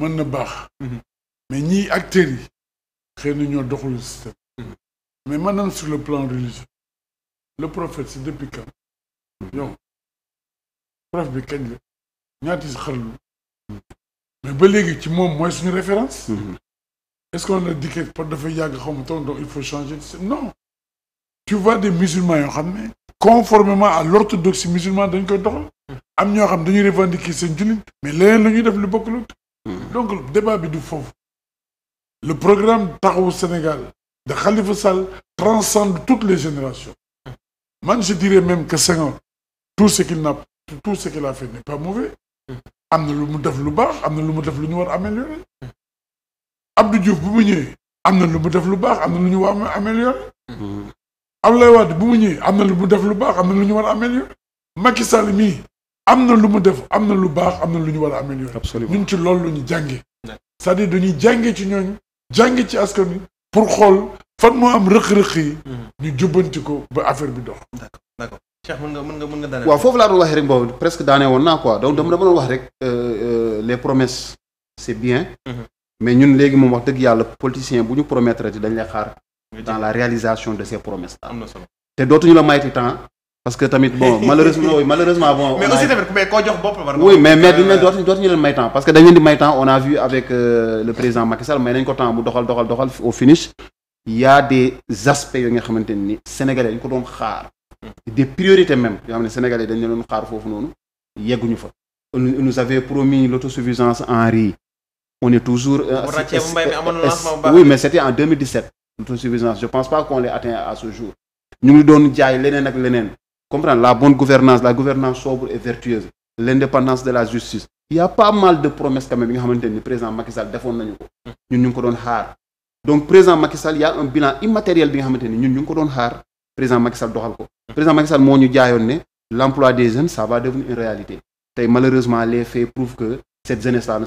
mën na baax. Mhm. mais ñii acteurs yi xëy na ñoo doxul système. Mhm. mais maanaam sur le plan religieux le prophète si depuis quand yow prof bi kañ la ñaati si xarlu mais ba léegi ci moom mooy suñu référence. Mhm. est-ce qu'on a dafa yàgg xaw ma taw donc il faut changer non tu vois des musulmans yoo xam ne conformément à l'orthodoxie musulmane dañ koy doxal am ñoo xam dañuy revendiquer seen jullit mais leneen la ñuy def lu bokk donc débat bi du foofu le programme Taxawu Sénégal de Khalifa Sall transcende toutes les générations man je dirais même que Senghor tout ce qu'il n'a tout ce qu'il a fait n'est pas mauvais am na lu mu def lu baax am na lu mu def lu ñu war améliorer Abdou Diouf bu mu ñëwee am na lu mu def lu baax am lu ñu war a améliorer mm-hmm. Abdoulaye Wade bu mu ñëwee am na lu mu def lu baax am na lu ñu war a améliorer Macky Sall mii am na lu mu def am na lu baax am na lu ñu war a améliorer. absolument ñun ci loolu la ñu jàngee. c'est-à-dire dañuy jàngee ci ñooñu jàngee ci askan wi pour xool fan moo am rëq-rëq yi. Mm-hmm. ñu jubbanti ko ba affaire bi dox. d'accord d'accord Cheikh mën nga mën nga mën nga daaneel. waaw foofu laa doon waxee rek boobu presque daanee woon naa quoi donc dama dama doon wax rek euh, euh, les promesses c'est bien. Mm-hmm. mais ñun léegi moom wax dëgg yàlla politicien bu ñu promettre dañ lay xaar. dans la réalisation de ces promesses là. am na solo la mayti temps. parce que tamit bon malheureusement oui, malheureusement bon. mais aussi tamit mais koo jox bopp war oui mais mais mais euh, dootuñu dootuñu leen may temps parce que dañu leen di may temps on a vu avec euh, le président Macky may nañ ko temps mu doxal doxal doxal au finish. y a des aspects yoo nga xamante ni sénégalais dañ ko doon xaar. des priorités même yoo xam ne sénégalais dañ doon xaar foofu noonu yegguñu fa. nous avait promis l'autosuffisance en riz. on est toujours. Euh, oui mais c'était pense pas qu'on l'ait atteint à ce jour. ñu ngi doon jaay leneen ak leneen. comprendre la bonne gouvernance la gouvernance sobre et vertueuse l'indépendance de la justice il pas mal de promesses quand même nga xamante ni président Macky Sall defoon nañu ko ñun ñu ngi ko doon xaar donc président Macky Sall a un bilan immatériel bi nga xamante ni ñun ñu ngi ko doon xaar président Macky Sall doxal ko président Macky Sall moo ñu jaayoon ne l'emploi des jeunes ça va devenir une réalité tey malheureusement les faits prouvent que cette jeunesse là ne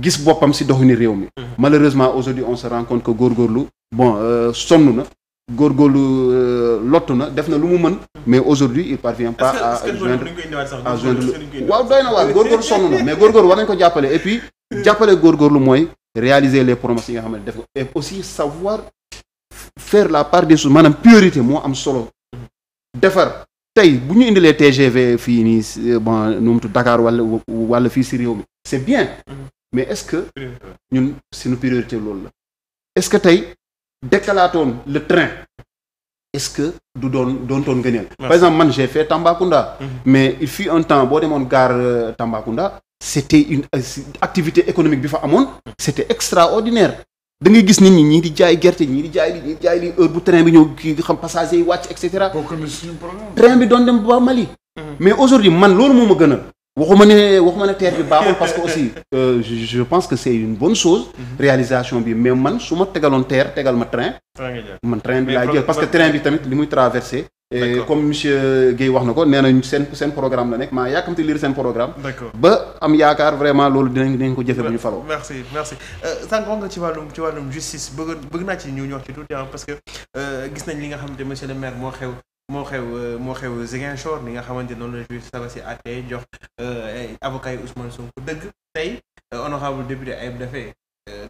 gis boppam si doxini réew mi mhm. malheureusement aujourd'hui on se rend compte que góorgóorlu bon euh, sonn na góor góorgóorlu euh, lottu na def na lu mu mën mais aujourd'hui il parvient pas à joindre à mais góorgóorlu war nañ ko jàppale et puis jàppale góorgóorlu mooy réaliser les promesses yi nga xam ne et aussi savoir la part des choses maanaam priorité moo am solo defar tey bu ñu indilee TGV fii nii euh, bon nu mu tudd Dakar wala wala fii si réew mi c'est bien mhm. mais est-ce que ñun suñu priorité loolu la est-ce que tey décalaatoon le train est-ce que du doon doontoon ngëneel par exemple man j'ai fait Tambacounda mhm. mais il fut un temps boo demoon gare euh, Tambacounda c'était une euh, activité économique bi fa amoon c'était extraordinaire da ngay gis nit ñi ñii di jaay gerte ñii di jaay li ñii di jaay li heure bu train bi ñëw kii xam passager yi wàcc et cetera train bi doon dem ba Mali mhm. mais aujourd'hui man loolu moom ma gën a waxuma ne waxuma ne terre bi baaxul parce que aussi euh, je, je pense que c'est une bonne chose mhm. réalisation bi mais man su ma tegaloon terre tegal ma train man train bi laay jël parce que train bi tamit li muy traversé comme monsieur Guèye wax na ko nee seen seen programme la nekk maa yaakamte lire seen programme ba am yaakaar vraiment loolu dinañ dinañ ko jëfe bu ñu faloo merci merci euh, sànq wax nga ci wàllum ci wàllum justice bëgg bëgg naa ci ñu wax euh, nañ li nga xamante monsieur le maire moo xew moo xew euh, moo xew Ziguinchor ni nga xamante noonu la juge Sabassy àttee jox euh, avocat yi Ousmane Sonko dëgg tey euh, honorable député Ayib Daffé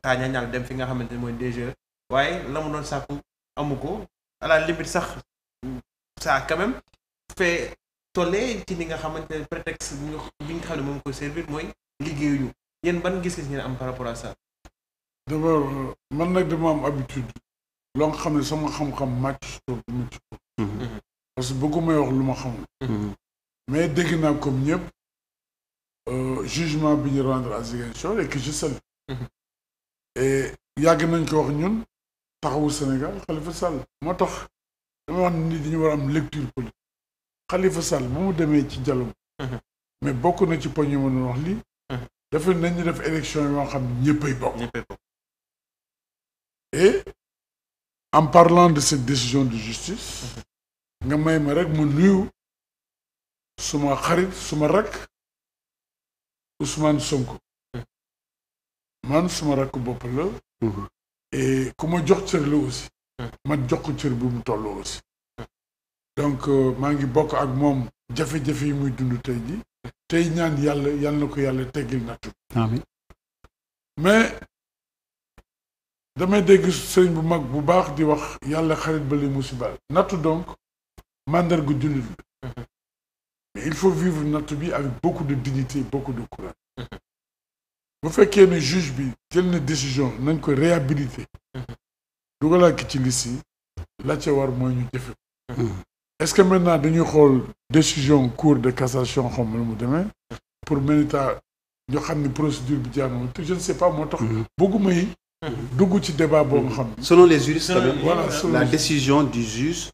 taaña ñaal dem fi nga xamante ne mooy DG waaye la mu doon sàkku amu ko à la sax ça quand même fait tollee ci li nga xamante ne prétexte bi nga xam ne moom ko servir mooy liggéeyuñu yen ban gis-gis ngeen am par rapport a ça d'abord man nag dama am habitude loo nga xam ne sama xam-xam màcc parce que bëggumay wax lu ma xam mhm. mais dégg naa comme ñëpp euh, jugement bi ñu rendre à Ziguinchor et que je mhm. et yàgg nañ ko wax ñun taxawu Sénégal Khalifa Sall moo tax dama wax ni dañu war a am lecture politique Khalifa Sall bu mu demee ci dialogue mhm. mais bokk na ci poñ yu ma wax lii dafa nañu def élection yoo xam ne ñëppay bokk et en parlant de cette décision de justice nga may ma rek ma nuyu suma xarit suma rakk Ousmane Sonko man suma rakk bopp la mhm. et ku ma jox cër la aussi mhm. ma jox ko cër bi mu toll aussi donc euh, maa ngi bokk ak moom jafe-jafe yi muy dund tey ji tey ñaan yàlla yàlla na ko yàlla teggil nattu amiin mais damay dégg sëriñ bu mag bu baax di wax yàlla xarit ba li musibaal nattu donc mandarga jullit la mhm. mais il faut vivre natt bi avec beaucoup de dignité beaucoup de courage bu fekkee ne juge bi jël na décision nañ ko réhabiliter mhm. ki ci liste yi la war mooy ñu jëfe mhm. est-ce que maintenant dañu xool décision cour de cassation xam lu mu demee pour mënita ñu xam ni procédure bi jaar na je ne sais pas moo tax bëgguma dugg ci débat boo nga xam selon les juristes quand même voilà la décision du juge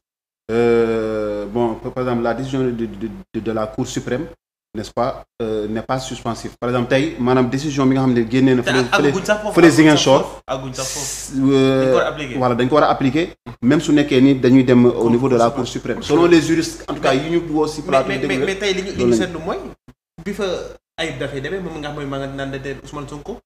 euh, bon, par exemple, la décision de, de, de, la Cour suprême, n'est-ce pas, euh, pas suspensive. Par exemple, tey maanaam décision bi nga xam ne génnee na. fële fële fële Ziguinchor. Euh, voilà dañ ko war a appliquer. même su nekkee ni dañuy dem au niveau de la Cour suprême. selon les juristes en tout cas yi ñu woo si plateau. mais mais tey li ñu seetlu mooy. bi fa ayib dafay demee moom nga xam mooy maa ngi naan Ousmane Sonko.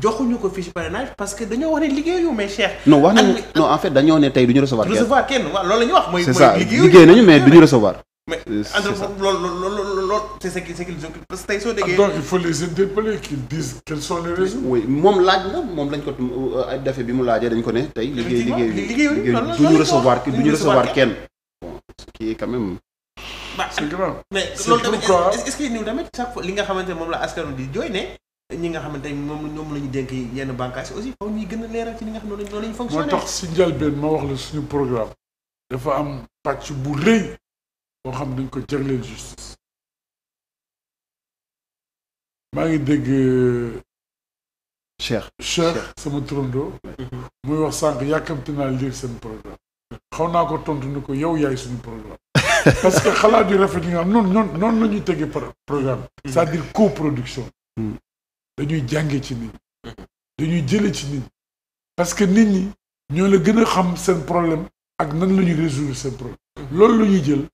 joxuñu ko fiche parrainage parce que dañoo wax ne liggéeyu mais Cheikh. non wax nañu non en fait dañoo ne tey du recevoir. kenn recevoir kenn la ñuy wax. mooy mooy liggéeyu liggéey nañu mais du ñu recevoir. mais entre loolu loolu loolu c'est ce qui les occupe parce que tey soo déggee. Ah, donc il faut les interpeller qu'ils disent quelles sont les raisons. moom laaj na moom lañ ko euh, defee bi mu laajee dañ ko ne tey. liggéey liggéeyu liggéeyu du ñu recevoir du ñu recevoir kenn. ne moom la askanu ñi nga xamante ni moom ñoom la ñu dénk yenn bànqaas aussi foofu gën a leeral ci li nga xam ne noonu moo tax si njëlbeen ma wax la suñu programme. dafa am pàcc bu rëy. boo xam dañ ko jagleel justice. maa ngi dégg. Cheikh Cheikh sama turandoo. Mhm. muy wax sànq yàkkamti naa lire seen programme. xaw naa ko tontu ni ko yow yaay suñu programme. parce que xalaat yu rafet yi nga xam noonu noonu noonu la ñuy tegee programme. Mhm. c'est-à-dire coproduction. Mhm. dañuy jànge ci nit dañuy jëlee ci nit parce que nit ñi ñoo la gën a xam seen problème ak nan la ñuy résoudre seen problème loolu la ñuy jël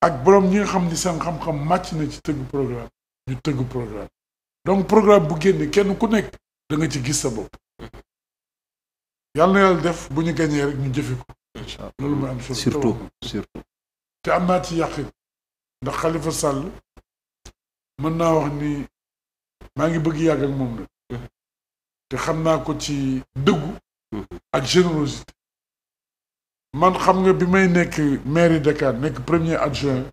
ak borom ñi nga xam ni seen xam-xam màcc na ci tëgg programme ñu tëgg programme donc programme bu génne kenn ku nekk da nga ci gis sa bopp yàlla na yàlla def bu ñu gañee rek ñu jëfe ko loolu mooy am solo surtout surtout te am naa ci yàqin ndax Khalifa Sall mën naa wax ni maa ngi bëgg yàgg ak moom nag te xam naa ko ci dëggu mm-hmm. ak générosité man xam nga bi may nekk maire de Dakar nekk premier adjoint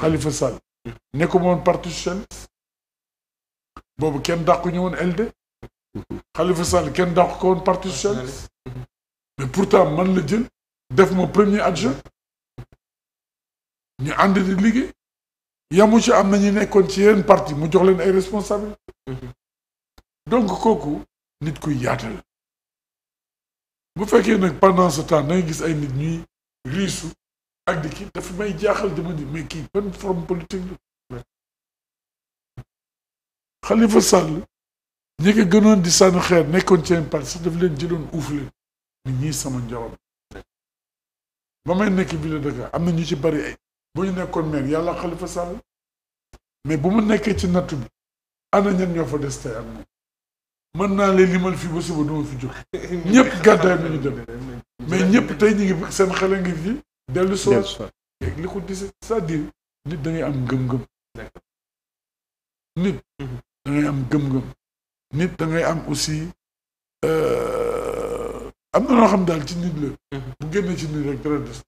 Khalifa Sall mm-hmm. nekkuma woon parti socialiste boobu kenn dàqu ñu woon LD mm-hmm. Khalifa Sall kenn dàqu ko woon parti socialiste mais pourtant man la jël def ma premier adjoint ñu ànd di liggéey yamu ci am na ñu nekkoon ci yeneen parti mu jox leen ay responsabilité mhm. donc kooku nit kuy yaatal bu fekkee nag pendant ce temps dangay gis ay nit ñuy riisu ak di kii dafa may jaaxal dama ni mais kii benn forme politique la Khalifa Sall ñi ko gënoon di sànni xeer nekkoon ci yeneen parti sax daf leen jëloon uuf leen nit ñi sama njaboot ba may nekk ville de Dakar am na ñu ci bari ay bu ñu nekkoon maire yàlla Khalifa Sall mais bu mu nekkee ci nattu bi ana ñan ñoo fa des tey ak moom naa leen limal fii ba suba du ma fi jóg ñëpp gàddaay mi ñu mais ñëpp te ñu ngi seen xel ngi fi dellu soo léegi li ko dise c'est-à-dire nit da am ngëm-ngëm nit da am ngëm nit da ngay am aussi euh, am na loo xam daal ci nit la mhm. bu génnee ci nit rek dara des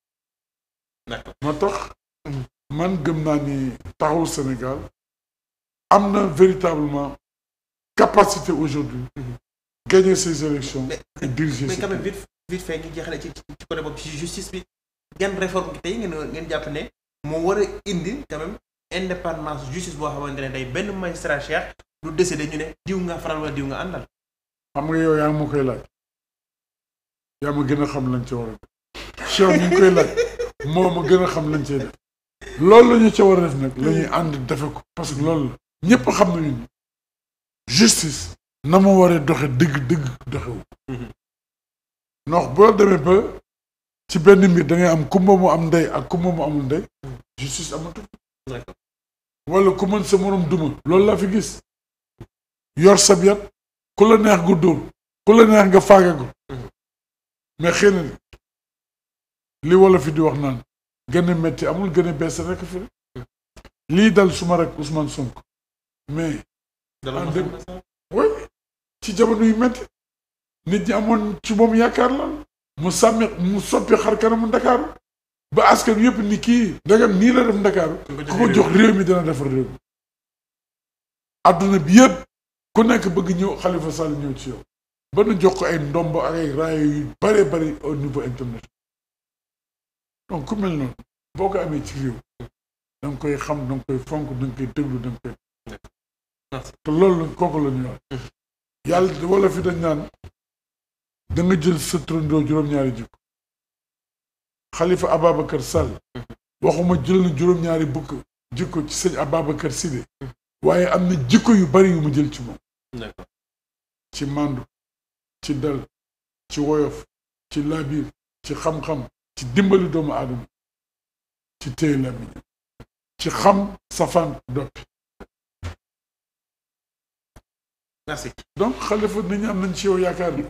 moo tax man gëm naa ni taxawu Sénégal am na véritablement capacité aujourd'hui gagner ces élections et diriger mais quand même vite ci ci côté boobu ci justice bi ngeen réforme bi tey ngeen jàpp ne moo war indi quand même indépendance justice boo xamante ne tey benn magistrat lu du décider ñu ne diw nga faral diw nga àndal xam nga yow yaa ngi ma koy laaj yaa ma gën a xam lañ ci war a def chef mi ngi koy laaj moo ma gën a xam lañ cee def loolu la ñu ca war a def nag la ñuy ànd defe ko parce que loolu la ñëpp xam nañu ni justice na mu waree doxe dëgg dëgg doxewu ndox boo demee ba ci benn mbir dangay am kumba mu am ndey ak kumba mu amul ndey justice amatu wala ku mën sa morom duma loolu laa fi gis yor sab yat ku la neex nga ku la neex nga faagagu mm-hmm. mais xëy li wala fi di wax naan gën a métti amul gën a bees rek fi lii dal suma rek Ousmane Sonko mais. en dé oui ci jamono yu métti nit ñi amoon ci moom yaakaar la mu sàmmi mu soppi xar kanamu Ndakaaru ba askan yëpp ni kii ndagam nii la a Ndakaaru ku ko jox réew mi bi yëpp ku nekk bëgg ñëw Khalifa Sall ñëw ci yow ba nu jox ko ay ndomb ak ay raaya yu bare bari au niveau international donc ku mel boo ko amee ci réew da koy xam da koy fonk da nga koy déglu da koy te loolu kooku la ñuy wax mhm. yàlla wala fi dañ naan da nga jël sa turandoo juróom-ñaari jikko xalifa Ababacar Sall mhm. waxuma jël na juróom-ñaari bukk jikko ci sëñ Ababacar Sidé mhm. waaye am na jikko yu bari yu mu jël ci moom ci màndu ci dal ci woyof ci labir ci xam-xam ci dimbalu doomu aadama ci téye làmmiñam ci xam safaan doppi merci donc xalifa nit ñi am nañ ci yow yaakaar bi